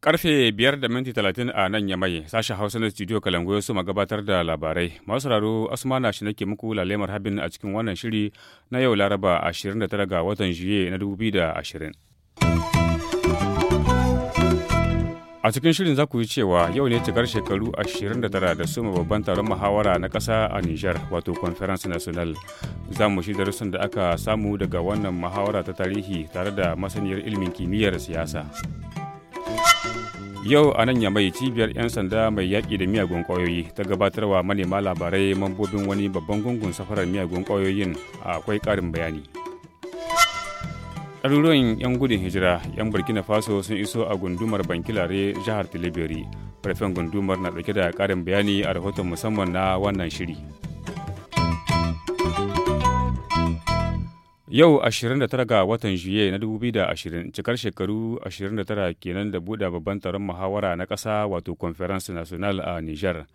Karfe biyar da minti talatin a nan ya mai sashen Hausa na studio Kalangu ya ma gabatar da labarai. Masu sauraro Asmana shi nake muku lalemar habin a cikin wannan shiri na yau Laraba 29 ga watan Juye na 2020. A cikin shirin za ku yi cewa yau ne cikar shekaru 29 da suma babban taron muhawara na ƙasa a Nijar wato Conference National. Za mu shi darussan da aka samu daga wannan muhawara ta tarihi tare da masaniyar ilimin kimiyyar siyasa. Yau a nan mai cibiyar 'yan sanda mai yaƙi da miyagun ƙwayoyi ta gabatarwa manema labarai mambobin wani babban gungun safarar miyagun ƙwayoyin akwai ƙarin bayani. ɗaruruwan 'yan gudun hijira 'yan burkina faso sun iso a gundumar bankilare jihar tilibiri farfen gundumar na ɗauke da ƙarin bayani a rahoton musamman na wannan shiri yau 29 ga watan juye na 2020 cikar shekaru 29 kenan da buɗe babban taron muhawara na ƙasa wato conference national a niger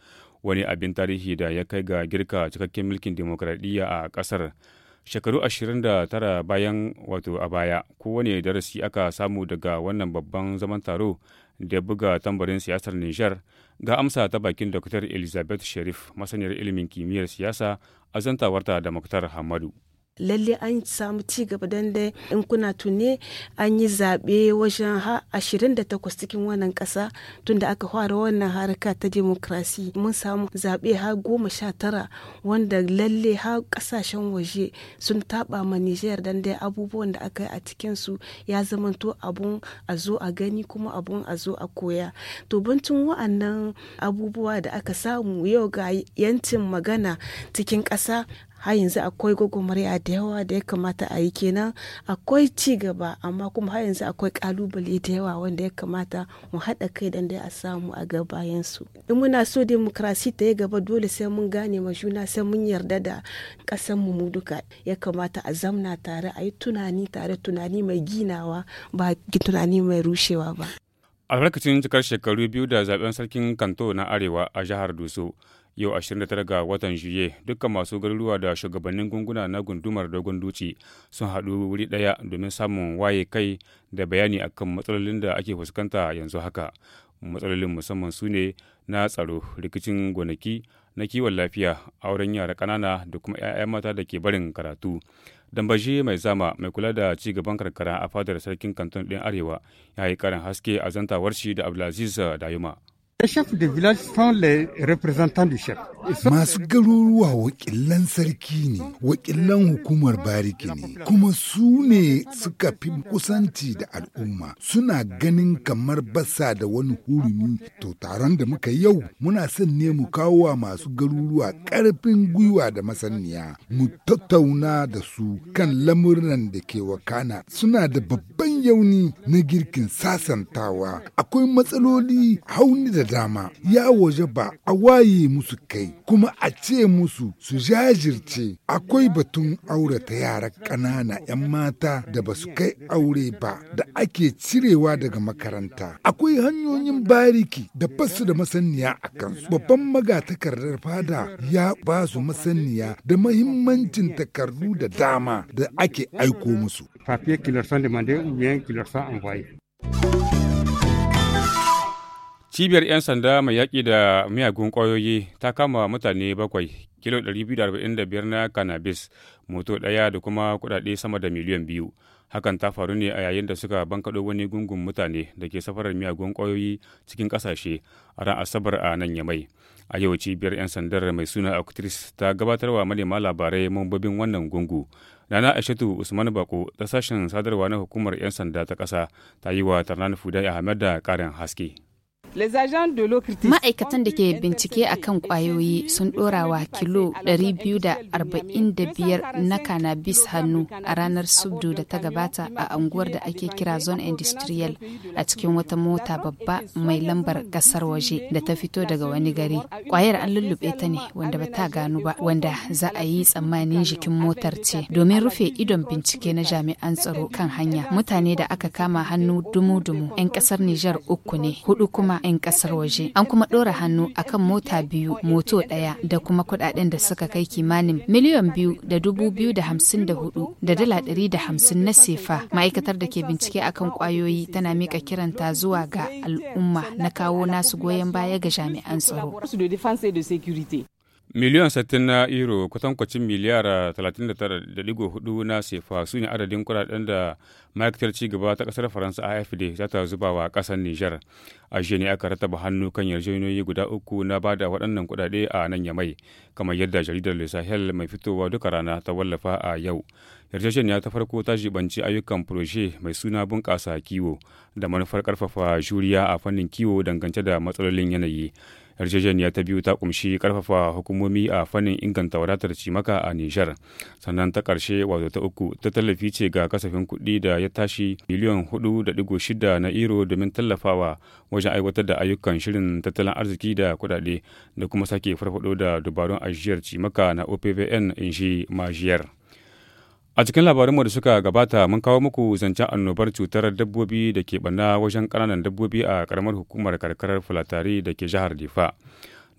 wani abin tarihi da ya kai ga girka cikakken mulkin demokradiyya a ƙasar shekaru 29 bayan wato a baya kowane darasi aka samu daga wannan babban zaman taro da buga tambarin siyasar nijar ga amsa ta bakin dr elizabeth sharif masaniyar ilimin kimiyyar siyasa a zantawarta da muktar hamadu lalle an samu ci gaba don da in kuna tune an yi zaɓe wajen ha 28 cikin wannan ƙasa tunda aka fara wannan harka ta demokrasi mun samu zaɓe ha goma sha tara wanda lalle ha ƙasashen waje sun taɓa ma Nijar don da abubuwan da aka yi a cikinsu ya zama to abun a zo a gani kuma abun a zo a koya to bantun wa'annan abubuwa da aka samu yau ga yancin magana cikin ƙasa har yanzu akwai a da yawa da ya kamata a yi kenan akwai ci gaba amma kuma har yanzu akwai kalubale da yawa wanda ya kamata mu haɗa kai dan dai a samu a ga bayan su in muna so demokrasi ta yi gaba dole sai mun gane ma juna sai mun yarda da ƙasar mu duka ya kamata a zamna tare a yi tunani tare tunani mai ginawa ba tunani mai rushewa ba albarkacin cikar shekaru biyu da zaben sarkin kanto na arewa a jihar duso. yau 29 ga watan juye dukkan masu garuruwa da shugabannin gunguna na gundumar dogon duci sun haɗu wuri ɗaya domin samun waye kai da bayani akan matsalolin da ake fuskanta yanzu haka matsalolin musamman su ne na tsaro rikicin gonaki na kiwon lafiya auren yara kanana da kuma 'ya'ya mata da ke barin karatu dambashi mai zama mai kula da ci gaban karkara a fadar sarkin kanton ɗin arewa ya yi karin haske a zantawar shi da abdulaziz dayuma Masu garuruwa wakilan sarki ne, wakilan hukumar bariki ne, kuma su ne suka fi kusanci da al'umma suna ganin kamar basa da wani hurumi. To taron da muka yau muna son ne mu kawo wa masu garuruwa ƙarfin gwiwa da masaniya, mu tattauna da su kan lamuran da ke wakana suna da babban yauni na girkin sasantawa. Akwai matsaloli hauni da dama ya waje ba a waye musu kai kuma a ce musu su jajirce akwai batun aurata yara ƙanana 'yan mata da ba su kai aure ba da ake cirewa daga makaranta akwai hanyoyin bariki da basu da masaniya a kansu babban magatakardar fada ya ba su masaniya da mahimmancin takardu da dama da ake aiko musu. Cibiyar 'yan sanda mai yaƙi da miyagun ƙwayoyi ta kama mutane bakwai kilo 245 na cannabis moto ɗaya da kuma kuɗaɗe sama da miliyan biyu. Hakan ta faru ne a yayin da suka bankaɗo wani gungun mutane da ke safarar miyagun ƙwayoyi cikin ƙasashe a ran Asabar a nan Yamai. A yau cibiyar 'yan sandar mai suna Actrice ta gabatar wa manema labarai mambobin wannan gungu. Nana ashatu Usman Bako ta sashen sadarwa na hukumar 'yan sanda ta ƙasa ta yi wa Tarnan Fudai Ahmed da ƙarin haske. Ma'aikatan da ke bincike a kan kwayoyi sun ɗorawa kilo 245 na kanabis hannu a ranar subdu da ta gabata a anguwar da ake kira zone industrial a cikin wata mota babba mai lambar ƙasar waje da ta fito daga wani gari. kwayar an lullube ta ne wanda ba ta gano ba wanda za a yi tsammanin jikin motar ce domin rufe idon bincike na jami'an tsaro kan hanya. Mutane da aka kama hannu dumu-dumu 'yan ƙasar Nijar uku ne, hudu kuma 'yan kasar waje an kuma ɗora hannu akan mota biyu moto ɗaya da kuma kuɗaɗen da suka kai kimanin miliyan biyu da dubu biyu da hamsin da hudu da dala ɗari da hamsin na sefa ma'aikatar da ke bincike akan kwayoyi tana mika kiranta zuwa ga al'umma na kawo nasu goyon baya ga jami'an tsaro miliyan 60 na euro kwatankwacin miliyar 39.4 na sefa su ne adadin kudaden da ma'aikatar gaba ta kasar faransa afd za ta zuba wa kasar niger a ne aka rataba hannu kan yarjejeniyoyi guda uku na ba da waɗannan kudade a nan yamai kamar yadda jaridar le sahel mai fitowa duka rana ta wallafa a yau yarjejeniya ta farko ta jibanci ayyukan proje mai suna bunƙasa kiwo da manufar karfafa juriya a fannin kiwo dangance da matsalolin yanayi yarjejeniya ta biyu ta kumshi karfafa hukumomi a fannin inganta wadatar cimaka a nijar sannan ta karshe wato ta uku ta tallafi ce ga kasafin kuɗi da ya tashi miliyan hudu da digo shida na iro domin tallafawa wajen aiwatar da ayyukan shirin tattalin arziki da kuɗaɗe da kuma sake farfado da dubarun ajiyar cimaka na opvn in shi majiyar A cikin labarinmu da suka gabata mun kawo muku zancen annobar cutar dabbobi da ke ɓanna wajen ƙananan dabbobi a ƙaramar hukumar karkarar fulatari da ke jihar Difa.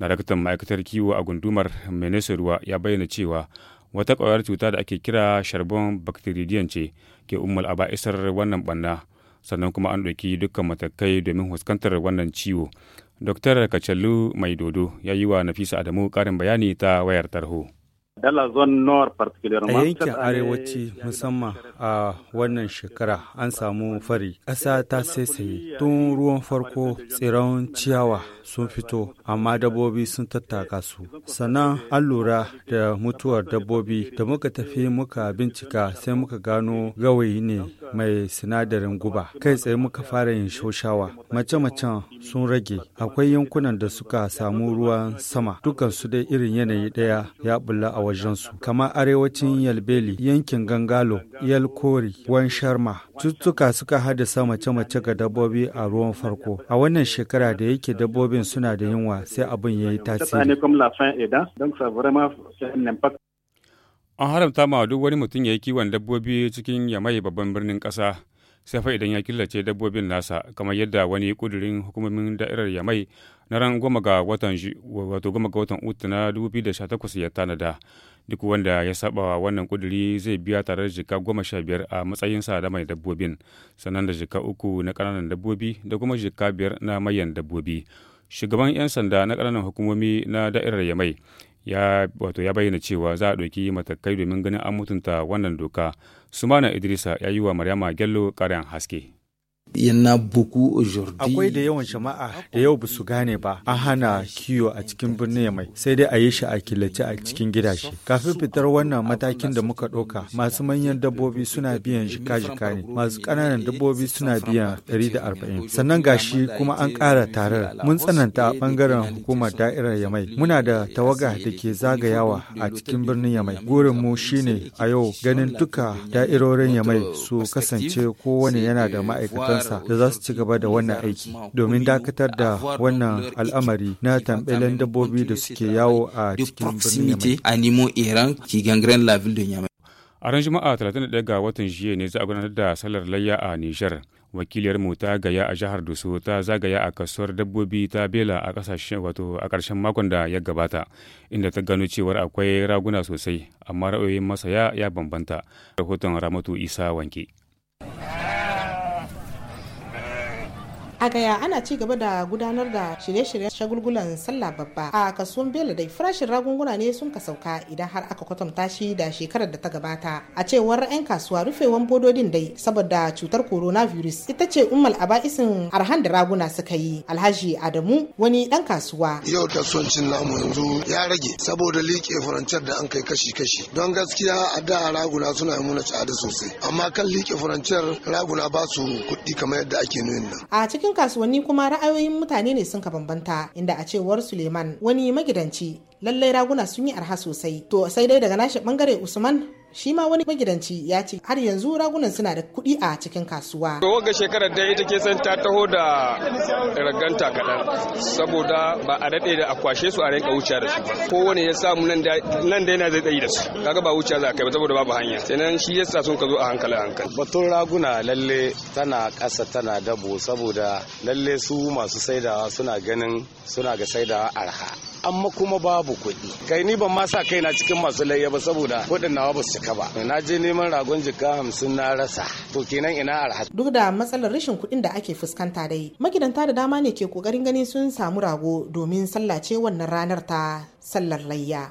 na Daraktan ma'aikatar kiwo a gundumar ruwa ya bayyana cewa wata ƙwayar cuta da ake kira sharbon bacteridian ce ke ummal a ba'isar wannan banna sannan kuma an ɗauki dukkan matakai domin fuskantar wannan ciwo. Dr. Kacalu Mai Dodo ya yi wa Nafisa Adamu ƙarin bayani ta wayar tarho. dala zone nord particularly a yankin arewaci musamman a wannan shekara an samu fari ƙasa ta saisaye tun ruwan farko tsiron ciyawa sun fito amma dabbobi sun tattaka su sannan an lura da mutuwar dabbobi da muka tafi muka bincika sai muka gano gawayi ne mai sinadarin guba kai tsaye muka fara yin shoshawa mace-macen sun rage akwai yankunan da suka samu ruwan sama dukansu dai irin yanayi ɗaya ya bulla a wajensu kamar arewacin yalbeli yankin gangalo yal kori wan sharma cututtuka suka haddasa mace-mace ga dabbobi a ruwan farko a wannan shekara da yake dabbobin suna da yunwa sai abin ya yi tasiri an haramta ma duk wani mutum ya yi kiwon dabbobi cikin yamai babban birnin kasa sai fa idan ya killace dabbobin nasa kamar yadda wani kudurin hukumomin da'irar yamai na ran goma ga watan wato goma ga watan uku na ya tanada duk wanda ya saba wannan kuduri zai biya tare da jika goma sha biyar a matsayin sa da mai dabbobin sannan da jika uku na kananan dabbobi da kuma jika biyar na mayan dabbobi shugaban 'yan sanda na kananan hukumomi na da'irar yamai ya wato ya bayyana cewa za a ɗauki matakai domin ganin an mutunta wannan doka sumana idrisa ya yi wa maryama gello ƙarin haske Akwai da yawan jama'a da yau ba su gane ba an hana kiyo a cikin birnin mai sai dai a yi shi a killace a cikin gidaje. Kafin fitar wannan matakin da muka ɗauka masu manyan dabbobi suna biyan jika-jika ne masu ƙananan dabbobi suna biyan 140 sannan gashi kuma an ƙara tarar mun tsananta a ɓangaren hukumar da'irar yamai muna da tawaga da ke zagayawa a cikin birnin ya mai. gurin mu shine a yau ganin duka da'irorin yamai su kasance kowane yana da ma'aikatan faransa da za su ci gaba da wannan aiki domin dakatar da wannan al'amari na tambelen dabbobi da suke yawo a cikin birnin a ran juma'a 31 ga watan jiya ne za a gudanar da salar layya a nijar wakiliyar mu ta gaya a jihar doso ta zagaya a kasuwar dabbobi ta bela a kasashen wato a ƙarshen makon da ya gabata inda ta gano cewar akwai raguna sosai amma ra'ayoyin masaya ya bambanta rahoton ramatu isa wanke a gaya ana ci gaba da gudanar da shirye-shiryen shagulgulan sallah babba a kasuwan bela dai farashin ragunguna ne sun ka sauka idan har aka kwatanta shi da shekarar da ta gabata a cewar 'yan kasuwa rufewan bododin dai saboda cutar coronavirus ita ce ummal aba'isin arhan da raguna suka yi alhaji adamu wani dan kasuwa yau kasuwancin namu yanzu ya rage saboda liƙe furancar da an kai kashi-kashi don gaskiya a da raguna suna yi muna tsada sosai amma kan liƙe furancar raguna ba su kuɗi kamar yadda ake nuna a cikin cikin kasuwanni kuma ra'ayoyin mutane ne sun ka bambanta inda a cewar Suleiman wani magidanci lallai raguna sun yi arha sosai to sai dai daga nashi bangare Usman shi ma wani magidanci ya ce har yanzu ragunan suna da kuɗi a cikin kasuwa. ga shekarar da ita ke san ta taho da raganta kaɗan saboda ba a daɗe da a kwashe su a rinka wuce da su ba. Kowane ya samu nan da yana zai tsayi da su. Kaga ba wuce za a kai ba saboda babu hanya. Sannan shi yasa sun ka zo a hankali hankali. Batun raguna lalle tana ƙasa tana dabo saboda lalle su masu saidawa suna ganin suna ga saidawa arha. amma kuma babu kuɗi kai ni ban ma sa kaina cikin masu layya ba saboda kuɗin nawa ba su cika ba na je neman ragon jika hamsin na rasa to kenan ina arha duk da matsalar rashin kuɗin da ake fuskanta dai magidanta da dama ne ke kokarin ganin sun samu rago domin sallace wannan ranar ta sallar layya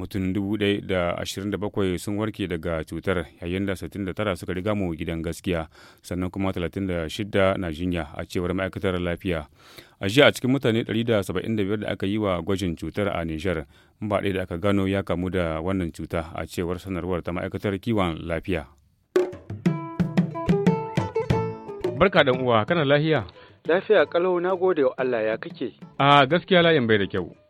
mutum 127 sun warke daga cutar yayin da 69 suka riga mu gidan gaskiya sannan kuma 36 na jinya a cewar ma'aikatar lafiya a jiya a cikin mutane 175 da aka yi wa gwajin cutar a nijar ba ɗaya da aka gano ya kamu da wannan cuta a cewar sanarwar ta ma'aikatar kiwon lafiya barka dan uwa kana lafiya lafiya kalau na gode wa allah ya kake a gaskiya layin bai da kyau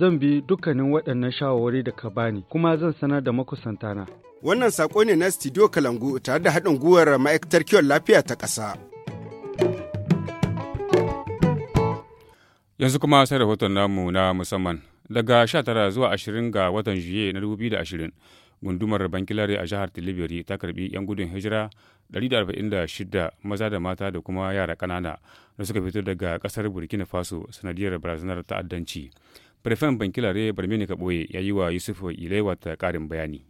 zan bi dukkanin waɗannan shawarwari da ka bani kuma zan sanar da makusantana. Wannan saƙo ne na Studio Kalangu tare da haɗin gwiwar ma'aikatar kiwon lafiya ta ƙasa. Yanzu kuma sai rahoton namu na musamman daga 19 zuwa 20 ga watan Juye na 2020 gundumar Bankilare a jihar Tilibiri ta karbi 'yan gudun hijira 146 maza da mata da kuma yara ƙanana da suka fito daga ƙasar Burkina Faso sanadiyar barazanar ta'addanci. Firfen Bankilare Barmini Kaboye ya yi wa Yusufu Ilewa ta ƙarin bayani.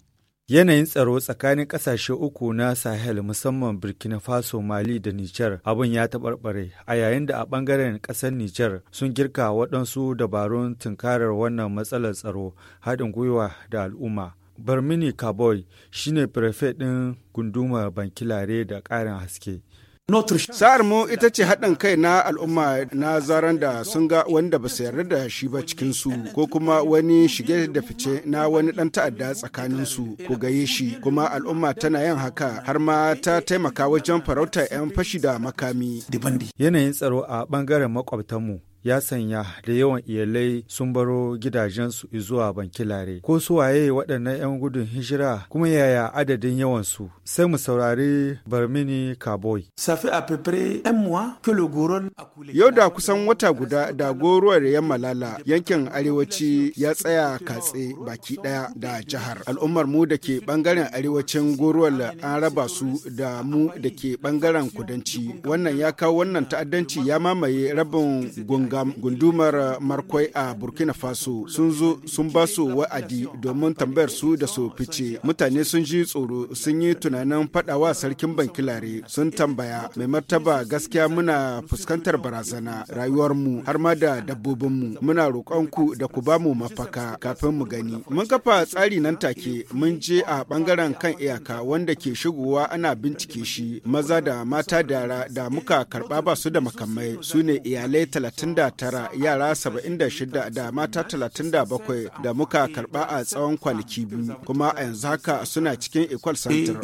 Yanayin tsaro tsakanin kasashe uku na Sahel musamman Burkina Faso, Mali da Nijar abin ya taɓarɓare a yayin da a ɓangaren ƙasar Nijar sun girka waɗansu dabarun tunkarar wannan matsalar tsaro haɗin gwiwa da al'umma. Barmini Kaboy shine prefet ɗin gundumar Bankilare da ƙarin haske. Sa'ar ita ce haɗin kai na al'umma na zaran da sun ga wanda ba su yarda da shi ba cikinsu ko kuma wani shige da fice na wani ɗan ta'adda tsakanin su ko gaye shi kuma al'umma tana yin haka har ma ta taimaka wajen farauta 'yan fashi da makami. Yanayin tsaro a ɓangaren makwabtanmu ya sanya da yawan iyalai sun baro gidajensu zuwa bankilare ko su waye waɗannan 'yan gudun hijira kuma yaya adadin yawansu sai mu saurari barmini kaboy yau da kusan wata guda da goruwar yan malala yankin arewaci ya tsaya katse baki ɗaya da jihar al'ummar mu da ke bangaren arewacin goruwar an raba su da mu da ke bangaren kudanci wannan ya kawo wannan ta'addanci ya mamaye rabin gunga gam gundumar uh, markwai a burkina faso sun zo sun ba su wa'adi domin tambayar su da su fice mutane sun ji tsoro sun yi tunanin fadawa sarkin bankilare sun tambaya mai martaba gaskiya muna fuskantar barazana rayuwarmu har ma da dabbobin mu muna roƙonku da ku ba mu mafaka kafin mu gani mun kafa tsari nan take mun je a bangaren kan iyaka wanda ke shigowa ana bincike shi maza da mata da da muka karba ba su da makamai su ne iyalai talatin tara yara 76 da mata 37 da muka karba a tsawon kwanaki biyu kuma a yanzu haka suna cikin equal eh, center.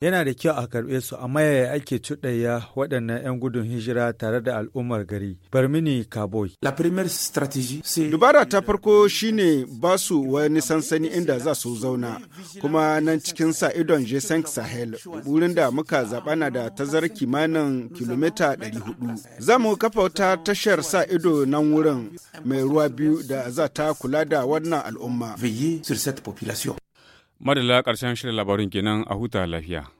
Yana da kyau a karbe su amma yaya ake cuɗaya waɗannan 'yan gudun hijira tare da al'ummar gari. Barmini Kaboy. La première stratégie Dubara ta farko shine ba su wani sansani inda za su zauna kuma nan cikin sa idon Sahel wurin da muka zaɓa na da tazarar kimanin kilomita 400. Za mu kafa wata tashar sa ido nan wurin mai ruwa biyu da za ta kula da wannan al'umma. Madalla ƙarshen shirin labarin kenan a huta lafiya.